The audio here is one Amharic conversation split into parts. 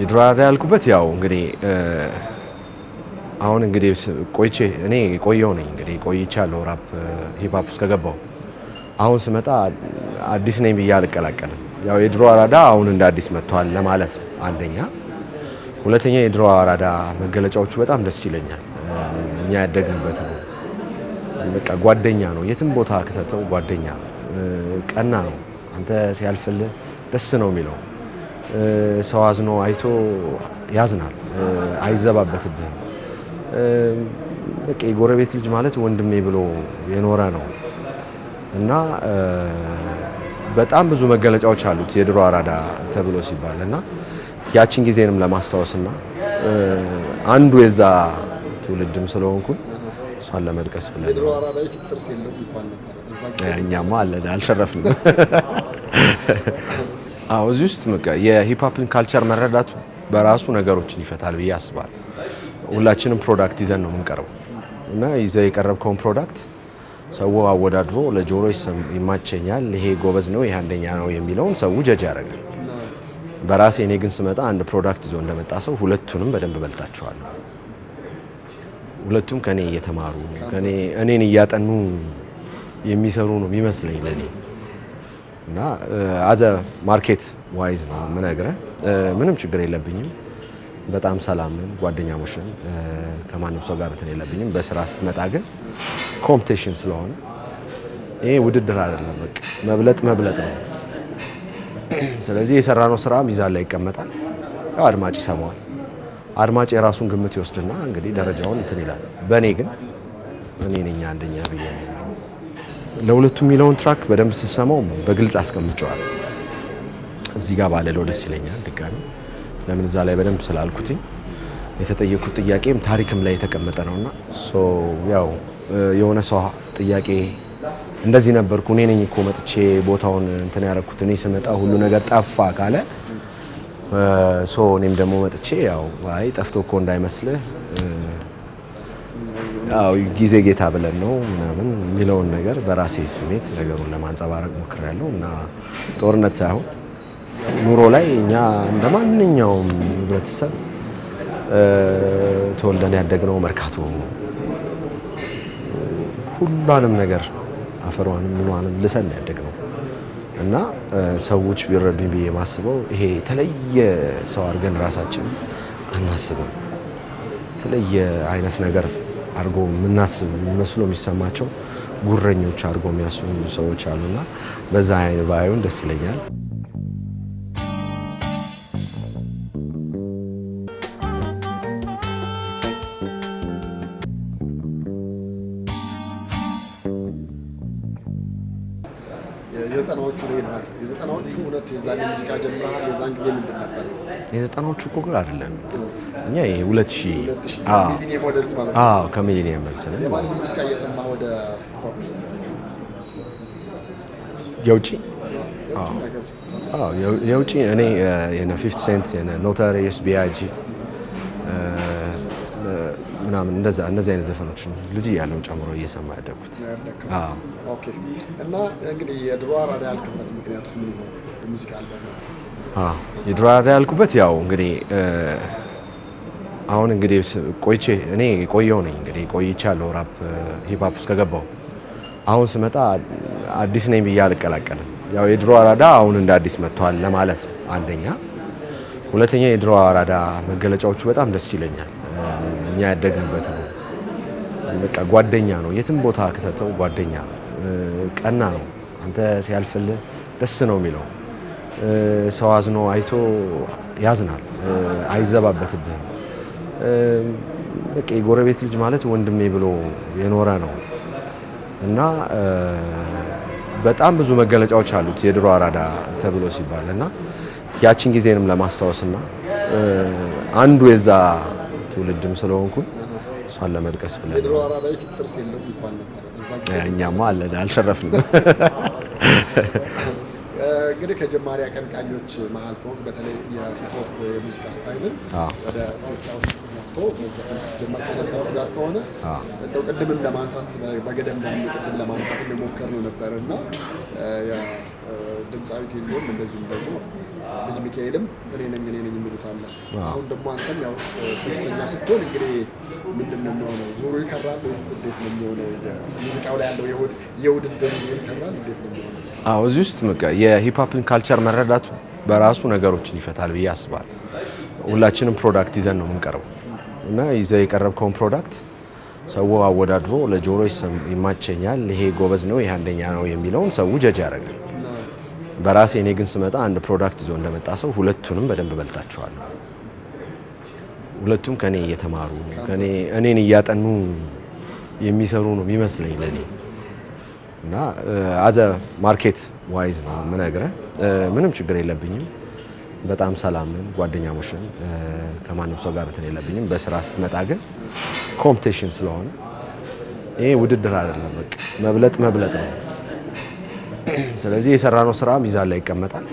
የድሮ አራዳ ያልኩበት ያው እንግዲህ አሁን እንግዲህ ቆይቼ እኔ ቆየው ነኝ እንግዲህ ቆይቻለሁ ራፕ ሂፓፕ ውስጥ ከገባው አሁን ስመጣ አዲስ ነኝ ብዬ አልቀላቀልም። ያው የድሮ አራዳ አሁን እንደ አዲስ መጥቷል ለማለት ነው አንደኛ። ሁለተኛ የድሮ አራዳ መገለጫዎቹ በጣም ደስ ይለኛል። እኛ ያደግንበት ነው። በቃ ጓደኛ ነው። የትም ቦታ ከተተው ጓደኛ ቀና ነው። አንተ ሲያልፍልህ ደስ ነው የሚለው ሰው አዝኖ አይቶ ያዝናል፣ አይዘባበትብህም። በቃ የጎረቤት ልጅ ማለት ወንድሜ ብሎ የኖረ ነው እና በጣም ብዙ መገለጫዎች አሉት የድሮ አራዳ ተብሎ ሲባል እና ያቺን ጊዜንም ለማስታወስና አንዱ የዛ ትውልድም ስለሆንኩኝ እሷን ለመጥቀስ ብለን እኛማ አለን አልሸረፍንም። አዎ እዚህ ውስጥ በቃ የሂፕሀፕን ካልቸር መረዳቱ በራሱ ነገሮችን ይፈታል ብዬ አስባለሁ። ሁላችንም ፕሮዳክት ይዘን ነው የምንቀርበው እና ይዘ የቀረብከውን ፕሮዳክት ሰው አወዳድሮ ለጆሮ ይማቸኛል፣ ይሄ ጎበዝ ነው፣ ይሄ አንደኛ ነው የሚለውን ሰው ጀጅ ያደርጋል። በራሴ እኔ ግን ስመጣ አንድ ፕሮዳክት ይዞ እንደመጣ ሰው ሁለቱንም በደንብ በልጣቸዋለሁ። ሁለቱም ከኔ እየተማሩ ከኔ እኔን እያጠኑ የሚሰሩ ነው የሚመስለኝ ለኔ እና አዘ ማርኬት ዋይዝ ነው የምነግረህ። ምንም ችግር የለብኝም። በጣም ሰላም ነን፣ ጓደኛሞች ነን። ከማንም ሰው ጋር እንትን የለብኝም። በስራ ስትመጣ ግን ኮምፒቴሽን ስለሆነ ይሄ ውድድር አይደለም። በቃ መብለጥ መብለጥ ነው። ስለዚህ የሰራነው ስራ ሚዛን ላይ ይቀመጣል። ያው አድማጭ ይሰማዋል። አድማጭ የራሱን ግምት ይወስድና እንግዲህ ደረጃውን እንትን ይላል። በእኔ ግን እኔ ነኝ አንደኛ ብዬ ለሁለቱ የሚለውን ትራክ በደንብ ስሰማው በግልጽ አስቀምጨዋል። እዚህ ጋር ባለለው ደስ ይለኛል ድጋሚ ለምን እዛ ላይ በደንብ ስላልኩትኝ የተጠየኩት ጥያቄም ታሪክም ላይ የተቀመጠ ነውና ያው የሆነ ሰው ጥያቄ እንደዚህ ነበርኩ እኔ ነኝ እኮ መጥቼ ቦታውን እንትን ያደረኩት እኔ ስመጣ ሁሉ ነገር ጠፋ ካለ እኔም ደግሞ መጥቼ ያው አይ ጠፍቶ እኮ እንዳይመስልህ ጊዜ ጌታ ብለን ነው ምናምን የሚለውን ነገር በራሴ ስሜት ነገሩን ለማንጸባረቅ ሞክሬያለሁ እና ጦርነት ሳይሆን ኑሮ ላይ እኛ እንደ ማንኛውም ህብረተሰብ ተወልደን ያደግነው መርካቶ ሁሏንም ነገር አፈሯንም ምኗንም ልሰን ያደግነው እና ሰዎች ቢረዱኝ ብዬ የማስበው ይሄ የተለየ ሰው አድርገን ራሳችን አናስብም። የተለየ አይነት ነገር አድርጎ የምናስብ መስሎ የሚሰማቸው ጉረኞች አድርጎ የሚያስቡ ሰዎች አሉና በዛ አይን ባዩን ደስ ይለኛል። የዘጠናዎቹ ይልል የዘጠናዎቹ እውነት የዛን ሙዚቃ ጀምረሃል። የዛን ጊዜ ምንድን ነበር? የዘጠናዎቹ እኮ ግን አይደለም እኛ ይሄ ከሚሊኒየም መልስ የውጭ የውጭ እኔ ፊፍቲ ሴንት ኖታሪ ኤስቢአይጂ ምናምን እንደዛ እንደዚህ አይነት ዘፈኖች ልጅ ያለውን ጨምሮ እየሰማ ያደግኩት እና እንግዲህ የድሮ አራዳ ያልክበት ምክንያቱ ምን ይሆን? የድሮ አራዳ ያልኩበት ያው እንግዲህ አሁን እንግዲህ ቆይቼ እኔ ቆየው ነኝ እንግዲህ ቆይቻለሁ ራፕ ሂፕሆፕ ውስጥ ከገባው አሁን ስመጣ አዲስ ነኝ ብዬ አልቀላቀልም። ያው የድሮ አራዳ አሁን እንደ አዲስ መጥቷል ለማለት ነው አንደኛ። ሁለተኛ የድሮ አራዳ መገለጫዎቹ በጣም ደስ ይለኛል። እኛ ያደግንበት ነው። በቃ ጓደኛ ነው። የትም ቦታ ከተተው ጓደኛ ነው። ቀና ነው። አንተ ሲያልፍልህ ደስ ነው የሚለው። ሰው አዝኖ አይቶ ያዝናል፣ አይዘባበትብህም በቃ የጎረቤት ልጅ ማለት ወንድሜ ብሎ የኖረ ነው እና በጣም ብዙ መገለጫዎች አሉት የድሮ አራዳ ተብሎ ሲባል እና ያችን ጊዜንም ለማስታወስና አንዱ የዛ ትውልድም ስለሆንኩኝ እሷን ለመጥቀስ ብለን እኛማ አለን አልሸረፍንም። እንግዲህ ከጀማሪ አቀንቃኞች መሀል ከሆንክ በተለይ የሂፕሆፕ የሙዚቃ ስታይልን ወደ ኢትዮጵያ ውስጥ መጥቶ ጀመር ከነበሩት ጋር ከሆነ እንደው ቅድም ለማንሳት በገደም ቅድም ለማንሳት እንደሞከር ነው ነበር እና ድምፃዊት የለውም። እንደዚሁም ደግሞ ልጅ ሚካኤልም እኔ ነኝ እኔ ነኝ የሚሉት አለ። አሁን ደግሞ አንተም ያው ሶስተኛ ስትሆን እንግዲህ ምንድን ነው የሚሆነው? ዙሩ ይከራል ወይስ እንዴት ነው የሚሆነው? ሙዚቃው ላይ ያለው የውድድር ይከራል እንዴት ነው የሚሆነው? አዎ እዚህ ውስጥ የሂፕሆፕን ካልቸር መረዳቱ በራሱ ነገሮችን ይፈታል ብዬ አስባለሁ። ሁላችንም ፕሮዳክት ይዘን ነው የምንቀርበው እና ይዘ የቀረብከውን ፕሮዳክት ሰው አወዳድሮ ለጆሮ ይማቸኛል፣ ይሄ ጎበዝ ነው፣ ይህ አንደኛ ነው የሚለውን ሰው ጀጅ ያደርጋል። በራሴ እኔ ግን ስመጣ አንድ ፕሮዳክት ይዞ እንደመጣ ሰው ሁለቱንም በደንብ በልጣቸዋለሁ። ሁለቱም ከኔ እየተማሩ እኔን እያጠኑ የሚሰሩ ነው የሚመስለኝ ለኔ እና አዘ ማርኬት ዋይዝ ነው ምነግረ ምንም ችግር የለብኝም። በጣም ሰላም ነን፣ ጓደኛሞች ነን። ከማንም ሰው ጋር እንትን የለብኝም። በስራ ስትመጣ ግን ኮምፒቴሽን ስለሆነ ይሄ ውድድር አይደለም። በቃ መብለጥ መብለጥ ነው። ስለዚህ የሰራነው ስራ ሚዛን ላይ ይቀመጣል።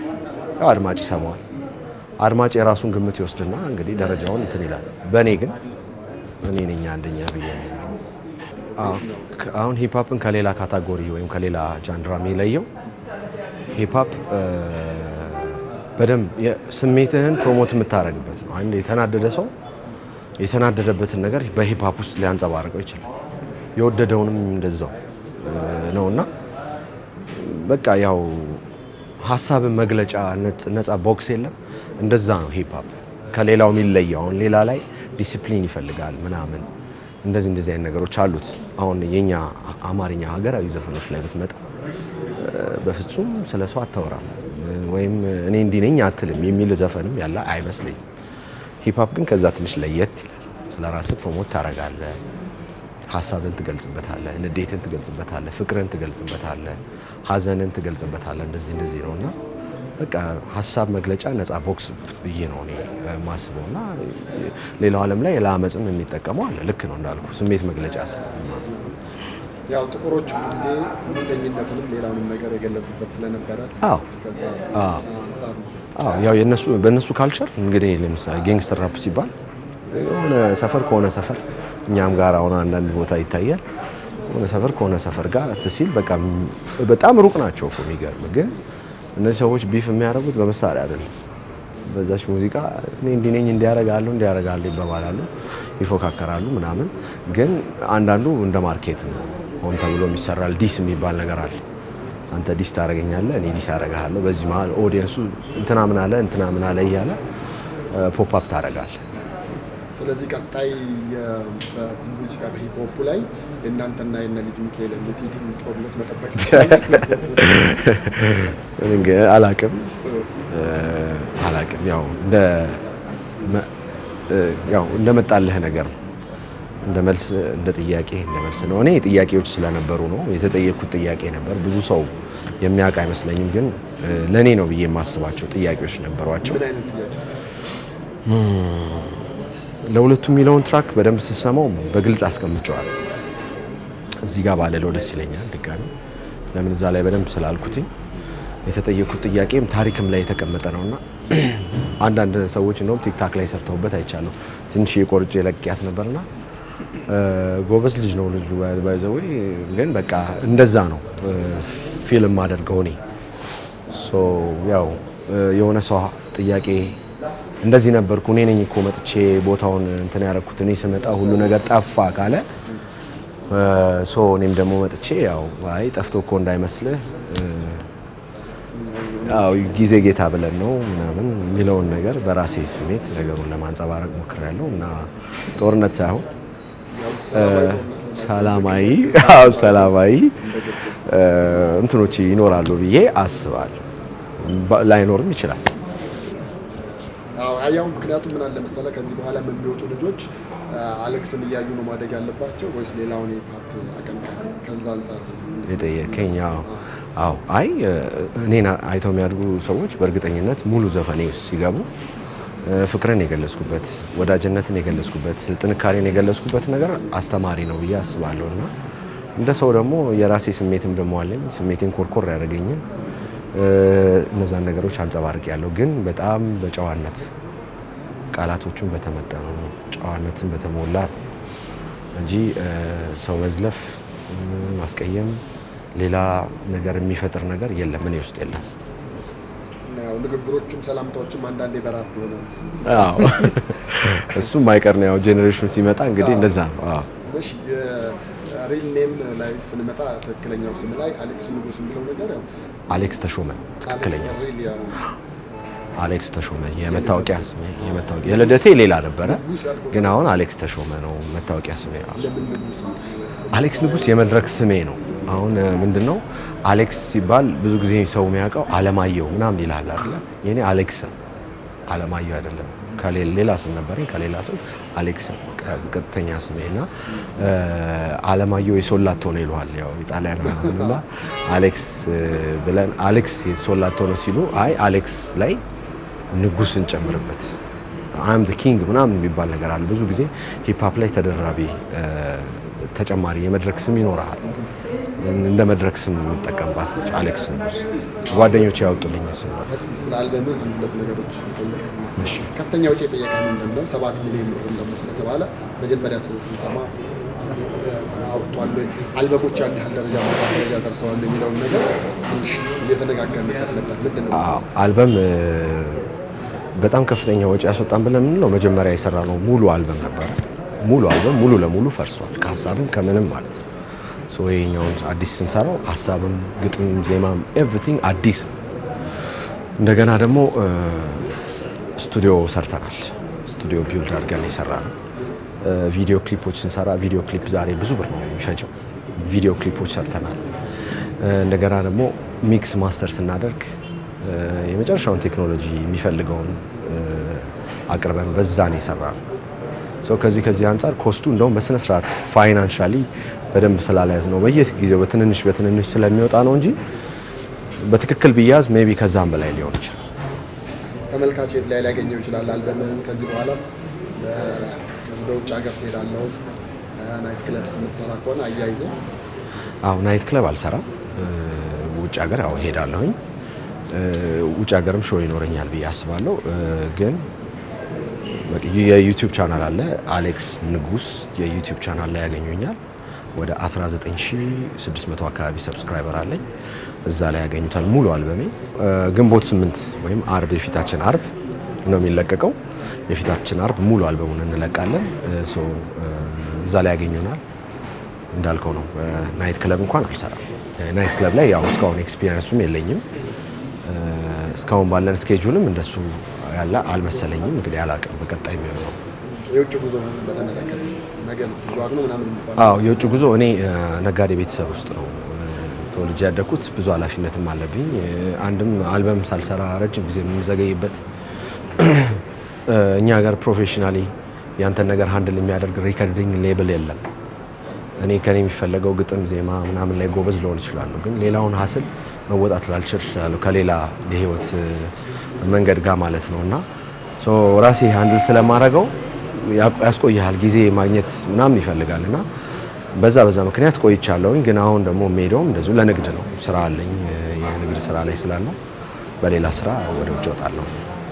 ያው አድማጭ ይሰማዋል። አድማጭ የራሱን ግምት ይወስድና እንግዲህ ደረጃውን እንትን ይላል። በእኔ ግን እኔ ነኝ አንደኛ ብዬ አሁን ሂፕሀፕን ከሌላ ካታጎሪ ወይም ከሌላ ጃንድራ የሚለየው ሂፕሀፕ በደንብ ስሜትህን ፕሮሞት የምታደርግበት ነው። አንድ የተናደደ ሰው የተናደደበትን ነገር በሂፕሀፕ ውስጥ ሊያንጸባርቀው ይችላል። የወደደውንም እንደዛው ነውና በቃ ያው ሀሳብን መግለጫ ነጻ ቦክስ የለም። እንደዛ ነው ሆፕ ከሌላው የሚለየው። አሁን ሌላ ላይ ዲሲፕሊን ይፈልጋል ምናምን እንደዚህ እንደዚህ አይነት ነገሮች አሉት። አሁን የኛ አማርኛ ሀገራዊ ዘፈኖች ላይ ብትመጣ በፍጹም ስለ ሰው አታወራም ወይም እኔ እንዲህ ነኝ አትልም የሚል ዘፈንም ያለ አይመስለኝም። ሆፕ ግን ከዛ ትንሽ ለየት ይላል። ስለ ራስህ ፕሮሞት ታደርጋለህ፣ ሀሳብን ትገልጽበታለህ፣ ንዴትን ትገልጽበታለህ፣ ፍቅርን ትገልጽበታለህ ሀዘንን ትገልጽበታለ እንደዚህ እንደዚህ ነው እና በቃ ሀሳብ መግለጫ ነፃ ቦክስ ብዬ ነው እኔ ማስበው እና ሌላው ዓለም ላይ ለአመፅም የሚጠቀመው አለ። ልክ ነው እንዳልኩ ስሜት መግለጫ ያው ጥቁሮቹ ጊዜ እምቢተኝነትንም ሌላውንም ነገር የገለጹበት ስለነበረ ያው የነሱ በእነሱ ካልቸር እንግዲህ ለምሳሌ ጌንግስተር ራፕ ሲባል የሆነ ሰፈር ከሆነ ሰፈር እኛም ጋር አሁን አንዳንድ ቦታ ይታያል። ሰፈር ከሆነ ሰፈር ጋር ሲል በቃ በጣም ሩቅ ናቸው እኮ። የሚገርም ግን እነዚህ ሰዎች ቢፍ የሚያደርጉት በመሳሪያ አይደለም። በዛች ሙዚቃ እኔ እንዲህ ነኝ እንዲያረጋሉ እንዲያረጋሉ ይባባላሉ፣ ይፎካከራሉ ምናምን። ግን አንዳንዱ እንደ ማርኬት ነው ሆን ተብሎ የሚሰራል ዲስ የሚባል ነገር አለ። አንተ ዲስ ታደረገኛለ እኔ ዲስ አደርግሃለሁ። በዚህ መሀል ኦዲየንሱ እንትና ምን አለ እንትና አለ እያለ ፖፕ አፕ ታደርጋለህ። ስለዚህ ቀጣይ በሙዚቃ በሂፖፕ ላይ የእናንተና ልጅ ሚካኤል የምትሄዱን ጦርነት መጠበቅ ይቻላል። አላቅም አላቅም ያው እንደ ያው እንደመጣልህ ነገር እንደ መልስ እንደ ጥያቄ እንደ መልስ ነው። እኔ ጥያቄዎች ስለነበሩ ነው የተጠየቅኩት ጥያቄ ነበር። ብዙ ሰው የሚያውቅ አይመስለኝም፣ ግን ለእኔ ነው ብዬ የማስባቸው ጥያቄዎች ነበሯቸው። ለሁለቱ የሚለውን ትራክ በደንብ ስሰማው በግልጽ አስቀምጨዋል። እዚህ ጋር ባለለው ደስ ይለኛል ድጋሚ ለምን እዛ ላይ በደንብ ስላልኩትኝ የተጠየኩት ጥያቄም ታሪክም ላይ የተቀመጠ ነውና አንዳንድ ሰዎች እንደውም ቲክታክ ላይ ሰርተውበት አይቻለሁ። ትንሽ የቆርጭ ለቅያት ነበርና ጎበዝ ልጅ ነው ልጁ ባይዘዌ። ግን በቃ እንደዛ ነው ፊልም አደርገው እኔ ያው የሆነ ሰው ጥያቄ እንደዚህ ነበርኩ እኔ ነኝ እኮ መጥቼ ቦታውን እንትን ያደረኩት እኔ ስመጣ ሁሉ ነገር ጠፋ ካለ ሶ እኔም ደግሞ መጥቼ ያው አይ ጠፍቶ እኮ እንዳይመስልህ ያው ጊዜ ጌታ ብለን ነው ምናምን የሚለውን ነገር በራሴ ስሜት ነገሩን ለማንጸባረቅ ሞክሬያለሁ እና ጦርነት ሳይሆን ሰላማዊ ሰላማዊ እንትኖች ይኖራሉ ብዬ አስባለሁ። ላይኖርም ይችላል። ያው ምክንያቱም ምን አለ ከዚህ በኋላ የሚወጡ ልጆች አሌክስን እያዩ ነው ማደግ ያለባቸው ወይስ ሌላውን የፓፕ አቀንቃኝ? ከዛ አንጻር የጠየቀኝ። አዎ፣ አይ እኔን አይተው የሚያድጉ ሰዎች በእርግጠኝነት ሙሉ ዘፈኔ ውስጥ ሲገቡ ፍቅርን የገለጽኩበት፣ ወዳጅነትን የገለጽኩበት፣ ጥንካሬን የገለጽኩበት ነገር አስተማሪ ነው ብዬ አስባለሁ እና እንደ ሰው ደግሞ የራሴ ስሜትን ደግሞ አለኝ። ስሜቴን ኮርኮር ያደረገኝን እነዛን ነገሮች አንጸባርቅ ያለው ግን በጣም በጨዋነት ቃላቶቹን በተመጠኑ ጨዋነትን በተሞላ እንጂ ሰው መዝለፍ፣ ማስቀየም፣ ሌላ ነገር የሚፈጥር ነገር የለም፣ እኔ ውስጥ የለም። ንግግሮቹም ሰላምታዎችም አንዳንዴ በራፍ ሆነ እሱም አይቀር ነው። ያው ጄኔሬሽን ሲመጣ እንግዲህ እንደዛ ነው። ሪል ኔም ላይ ስንመጣ ትክክለኛው ስም ላይ አሌክስ ንጉስ የሚለው ነገር አሌክስ ተሾመ ትክክለኛ አሌክስ ተሾመ የመታወቂያ ስሜ የመታወቂያ የልደቴ ሌላ ነበረ፣ ግን አሁን አሌክስ ተሾመ ነው መታወቂያ ስሜ። አሌክስ ንጉስ የመድረክ ስሜ ነው። አሁን ምንድነው አሌክስ ሲባል ብዙ ጊዜ ሰው የሚያውቀው አለማየሁ ምናምን ይላል አይደል? የኔ አሌክስ አለማየሁ አይደለም። ከሌላ ስም ነበረኝ፣ ከሌላ ስም አሌክስ ቀጥተኛ ስሜ እና አለማየሁ የሶላቶ ነው ይለዋል። ያው ኢጣሊያን አሌክስ ብለን አሌክስ የሶላቶ ነው ሲሉ አይ አሌክስ ላይ ንጉስን ጨምርበት አም ኪንግ ምናምን የሚባል ነገር አለ። ብዙ ጊዜ ሂፓፕ ላይ ተደራቢ ተጨማሪ የመድረክ ስም ይኖረሃል። እንደ መድረክ ስም የምጠቀምባት ነች አሌክስ ንጉስ። ጓደኞች ያወጡልኝ ስም ስለ አልበምህ አንድ ሁለት ነገሮች ይጠይቀ ከፍተኛ ውጭ የጠየቀ ምንድን ነው? ሰባት ሚሊዮን ብር ደግሞ ስለተባለ መጀመሪያ ስንሰማ አውጥቷል አልበሞች አንድ ያህል ደረጃ ደረጃ ደርሰዋል የሚለውን ነገር ትንሽ እየተነጋገርንበት ነበር። ምንድን ነው አልበም በጣም ከፍተኛ ወጪ ያስወጣን ብለን የምንለው መጀመሪያ የሰራ ነው ሙሉ አልበም ነበር። ሙሉ አልበም ሙሉ ለሙሉ ፈርሷል፣ ከሀሳብም ከምንም ማለት ነው። ይሄኛውን አዲስ ስንሰራው ሀሳብም፣ ግጥም፣ ዜማም ኤቭሪቲንግ አዲስ። እንደገና ደግሞ ስቱዲዮ ሰርተናል። ስቱዲዮ ቢውልድ አድርገን የሰራ ነው። ቪዲዮ ክሊፖች ስንሰራ ቪዲዮ ክሊፕ ዛሬ ብዙ ብር ነው የሚሸጨው። ቪዲዮ ክሊፖች ሰርተናል። እንደገና ደግሞ ሚክስ ማስተር ስናደርግ የመጨረሻውን ቴክኖሎጂ የሚፈልገውን አቅርበን በዛ ነው የሰራ ነው። ከዚህ ከዚህ አንጻር ኮስቱ እንደውም በስነ ስርዓት ፋይናንሻሊ በደንብ ስላለያዝ ነው በየት ጊዜው በትንንሽ በትንንሽ ስለሚወጣ ነው እንጂ በትክክል ብያዝ ሜይ ቢ ከዛም በላይ ሊሆን ይችላል። ተመልካች የት ላይ ሊያገኘው ይችላል? አልበምህም ከዚህ በኋላስ ወደ ውጭ ሀገር ትሄዳለህ? ናይት ክለብ ስምትሰራ ከሆነ አያይዘ? አዎ ናይት ክለብ አልሰራም። ውጭ ሀገር ያው እሄዳለሁኝ ውጭ ሀገርም ሾው ይኖረኛል ብዬ አስባለሁ። ግን የዩቲዩብ ቻናል አለ፣ አሌክስ ንጉስ የዩቲዩብ ቻናል ላይ ያገኙኛል። ወደ 19600 አካባቢ ሰብስክራይበር አለኝ። እዛ ላይ ያገኙታል። ሙሉ አልበሜ ግንቦት 8 ወይም አርብ የፊታችን አርብ ነው የሚለቀቀው። የፊታችን አርብ ሙሉ አልበሙን እንለቃለን። እዛ ላይ ያገኙናል። እንዳልከው ነው። ናይት ክለብ እንኳን አልሰራም። ናይት ክለብ ላይ ያው እስካሁን ኤክስፒሪየንሱም የለኝም። እስካሁን ባለን ስኬጁልም እንደሱ ያለ አልመሰለኝም። እንግዲህ አላውቅም በቀጣይ የሚሆነው የውጭ ጉዞ በተመለከተ የውጭ ጉዞ እኔ ነጋዴ ቤተሰብ ውስጥ ነው ተወልጄ ያደግኩት። ብዙ ኃላፊነትም አለብኝ። አንድም አልበም ሳልሰራ ረጅም ጊዜ የምንዘገይበት እኛ ጋር ፕሮፌሽናሊ ያንተን ነገር ሀንድል የሚያደርግ ሪከርዲንግ ሌብል የለም። እኔ ከኔ የሚፈለገው ግጥም፣ ዜማ ምናምን ላይ ጎበዝ ልሆን እችላለሁ፣ ግን ሌላውን ሀስል መወጣት ላልችል እችላለሁ ከሌላ የህይወት መንገድ ጋር ማለት ነው እና ራሴ ሀንድል ስለማረገው ያስቆይሃል ጊዜ ማግኘት ምናምን ይፈልጋል እና በዛ በዛ ምክንያት ቆይቻለሁኝ። ግን አሁን ደግሞ የምሄደውም እንደዚሁ ለንግድ ነው። ስራ አለኝ የንግድ ስራ ላይ ስላለው በሌላ ስራ ወደ ውጭ እወጣለሁ።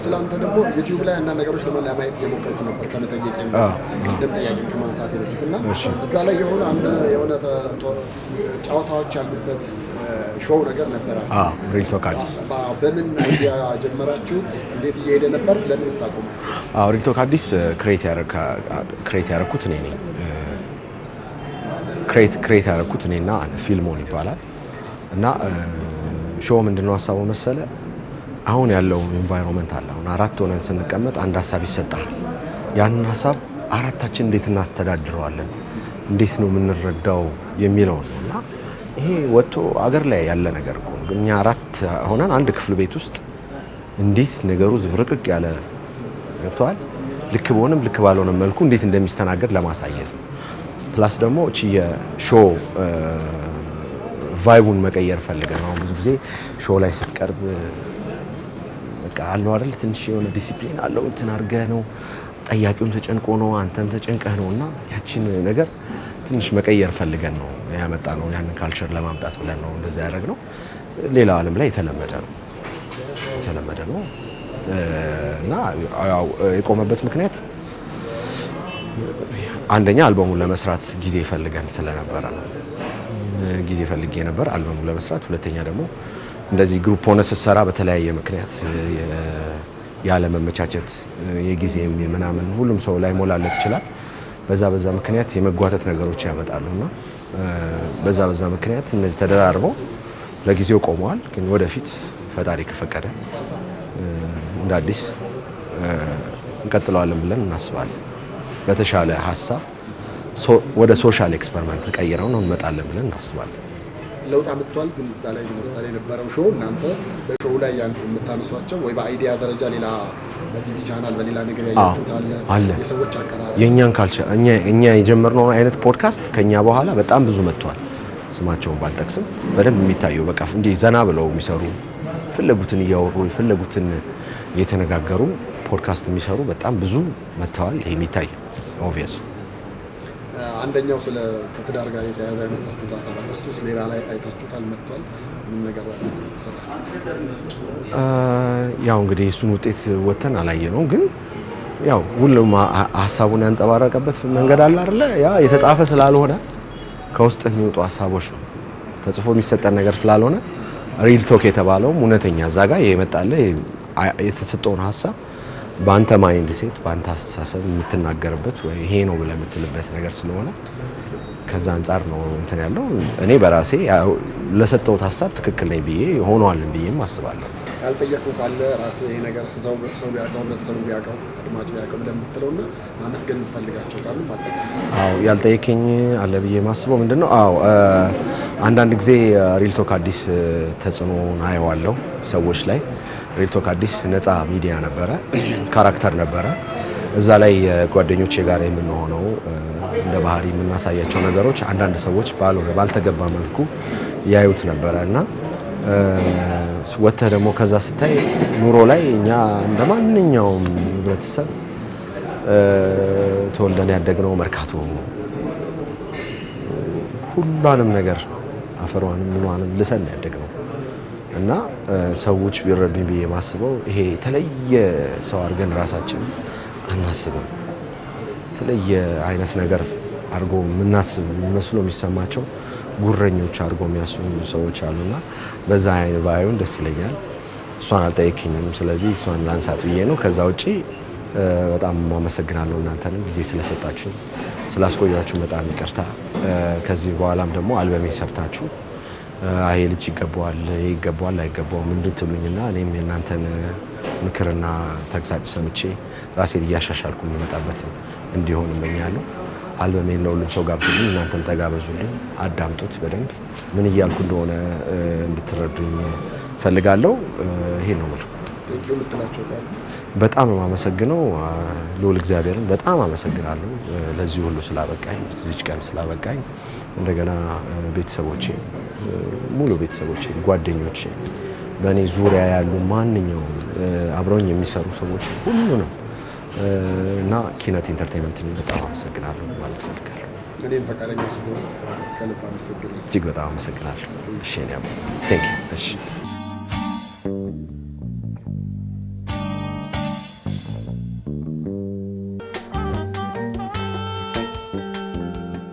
ስለአንተ ደግሞ ዩቲዩብ ላይ አንዳንድ ነገሮች ለማየት የሞከርኩ ነበር ከመጠየቅ ቅድም ጥያቄ ከማንሳት በፊት እና እዛ ላይ የሆነ አንድ የሆነ ጨዋታዎች ያሉበት ሾው ነገር ነበረ። ሪልቶክ አዲስ በምን አይዲያ ጀመራችሁት? እንዴት እየሄደ ነበር? ለምን ሳቆሙ? ሪልቶክ አዲስ ክሬት ያደረኩት እኔ ነኝ። ክሬት ያደረኩት እኔና ፊልሞን ይባላል እና ሾው ምንድነው ሀሳቡ መሰለ አሁን ያለው ኤንቫይሮንመንት አለ። አሁን አራት ሆነን ስንቀመጥ አንድ ሀሳብ ይሰጣል። ያንን ሀሳብ አራታችን እንዴት እናስተዳድረዋለን፣ እንዴት ነው የምንረዳው የሚለው ነው እና ይሄ ወጥቶ አገር ላይ ያለ ነገር እኮ ነው። ግን እኛ አራት ሆነን አንድ ክፍል ቤት ውስጥ እንዴት ነገሩ ዝብርቅቅ ያለ ገብተዋል። ልክ በሆነም ልክ ባልሆነም መልኩ እንዴት እንደሚስተናገድ ለማሳየት ፕላስ ደግሞ እቺ የሾ ቫይቡን መቀየር ፈልገን አሁን ብዙ ጊዜ ሾ ላይ ስትቀርብ በቃ አለው አይደል ትንሽ የሆነ ዲሲፕሊን አለው እንትን አድርገህ ነው ጠያቂውም ተጨንቆ ነው አንተም ተጨንቀህ ነው እና ያችን ነገር ትንሽ መቀየር ፈልገን ነው ያመጣ ነው ያንን ካልቸር ለማምጣት ብለን ነው እንደዛ ያደረግ ነው። ሌላው አለም ላይ የተለመደ ነው የተለመደ ነው እና የቆመበት ምክንያት አንደኛ አልበሙን ለመስራት ጊዜ ፈልገን ስለነበረ ነው ጊዜ ፈልጌ ነበር አልበሙን ለመስራት። ሁለተኛ ደግሞ እንደዚህ ግሩፕ ሆነ ስትሰራ በተለያየ ምክንያት ያለመመቻቸት የጊዜ ምናምን ሁሉም ሰው ላይ ሞላለት ይችላል። በዛ በዛ ምክንያት የመጓተት ነገሮች ያመጣሉ እና በዛ በዛ ምክንያት እነዚህ ተደራርበው ለጊዜው ቆመዋል። ግን ወደፊት ፈጣሪ ከፈቀደ እንደ አዲስ እንቀጥለዋለን ብለን እናስባለን። በተሻለ ሀሳብ ወደ ሶሻል ኤክስፐሪመንት ቀይረው ነው እንመጣለን ብለን እናስባለን። ለውጥ አምጥቷል። ግን እዛ ላይ ለምሳሌ የነበረው ሾው እናንተ በሾው ላይ ያን የምታነሷቸው ወይ በአይዲያ ደረጃ ሌላ በቲቪ ቻናል በሌላ ነገር ያያችሁት አለ። የሰዎች አቀራረብ የእኛን ካልቸር እኛ የጀመርነው አይነት ፖድካስት ከእኛ በኋላ በጣም ብዙ መጥቷል። ስማቸውን ባልጠቅስም በደንብ የሚታየው በቃ እንዲህ ዘና ብለው የሚሰሩ የፈለጉትን እያወሩ የፈለጉትን እየተነጋገሩ ፖድካስት የሚሰሩ በጣም ብዙ መጥተዋል። ይሄ የሚታይ ኦብቪየስ አንደኛው ስለ ከትዳር ጋር የተያያዘ ያነሳችሁት ሀሳብ አለ። እሱስ ሌላ ላይ አይታችሁታል መጥቷል። ምን ነገር ያው እንግዲህ እሱን ውጤት ወተን አላየ ነው ግን ያው ሁሉም ሀሳቡን ያንጸባረቀበት መንገድ አለ አይደለ? ያ የተጻፈ ስላልሆነ ከውስጥ የሚወጡ ሀሳቦች ነው። ተጽፎ የሚሰጠን ነገር ስላልሆነ ሪል ቶክ የተባለውም እውነተኛ እዛ ጋር የመጣለ የተሰጠውን ሀሳብ በአንተ ማይንድ ሴት በአንተ አስተሳሰብ የምትናገርበት ወይ ይሄ ነው ብለህ የምትልበት ነገር ስለሆነ ከዛ አንጻር ነው እንትን ያለው። እኔ በራሴ ለሰጠሁት ሀሳብ ትክክል ነኝ ብዬ ሆነዋልን ብዬም አስባለሁ። ያልጠየቁ ካለ ራስ ይሄ ነገር ሰው ቢያውቀው ህብረተሰቡ ቢያውቀው አድማጭ ቢያውቀው የምትለው እና ማመስገን የምትፈልጋቸው ካሉ አዎ፣ ያልጠየቀኝ አለ ብዬ ማስበው ምንድን ነው? አዎ አንዳንድ ጊዜ ሪልቶክ አዲስ ተጽዕኖ አየዋለሁ ሰዎች ላይ ሪልቶክ አዲስ ነፃ ሚዲያ ነበረ፣ ካራክተር ነበረ። እዛ ላይ ጓደኞቼ ጋር የምንሆነው እንደ ባህሪ የምናሳያቸው ነገሮች አንዳንድ ሰዎች ባልሆነ ባልተገባ መልኩ ያዩት ነበረ እና ወጥተህ ደግሞ ከዛ ስታይ ኑሮ ላይ እኛ እንደ ማንኛውም ህብረተሰብ ተወልደን ያደግነው መርካቶ ሁሏንም ነገር አፈሯንም ምኗንም ልሰን ያደግነው እና ሰዎች ቢረዱኝ ብዬ ማስበው ይሄ የተለየ ሰው አድርገን ራሳችን አናስብም። የተለየ አይነት ነገር አድርጎ የምናስብ መስሎ የሚሰማቸው ጉረኞች አድርጎ የሚያስቡ ሰዎች አሉና በዛ አይን ባዩን ደስ ይለኛል። እሷን አልጠየክኝም፣ ስለዚህ እሷን ላንሳት ብዬ ነው። ከዛ ውጪ በጣም አመሰግናለሁ እናንተንም ጊዜ ስለሰጣችሁ ስላስቆያችሁ በጣም ይቅርታ። ከዚህ በኋላም ደግሞ አልበሜ ሰርታችሁ አይ ልጅ ይገባዋል ይገባዋል አይገባውም እንድትሉኝና እኔም የእናንተን ምክርና ተግሳጭ ሰምቼ ራሴን እያሻሻልኩ የሚመጣበትን እንዲሆን እመኛለሁ። አልበሜን ለሁሉም ሰው ጋብዙልኝ፣ እናንተም ተጋበዙልኝ፣ አዳምጡት በደንብ ምን እያልኩ እንደሆነ እንድትረዱኝ ፈልጋለሁ። ይሄ ነው የምልህ። በጣም የማመሰግነው ልዑል እግዚአብሔርን በጣም አመሰግናለሁ ለዚህ ሁሉ ስላበቃኝ፣ እዚች ቀን ስላበቃኝ። እንደገና ቤተሰቦቼ፣ ሙሉ ቤተሰቦቼ፣ ጓደኞቼ፣ በእኔ ዙሪያ ያሉ ማንኛውም አብረውኝ የሚሰሩ ሰዎች ሁሉ ነው እና ኪነት ኢንተርቴንመንትን በጣም አመሰግናለሁ ማለት ፈልጋለሁ። እኔም ፈቃደኛ ስለሆነ ከልብ አመሰግናለሁ። እጅግ በጣም አመሰግናለሁ። እሺ።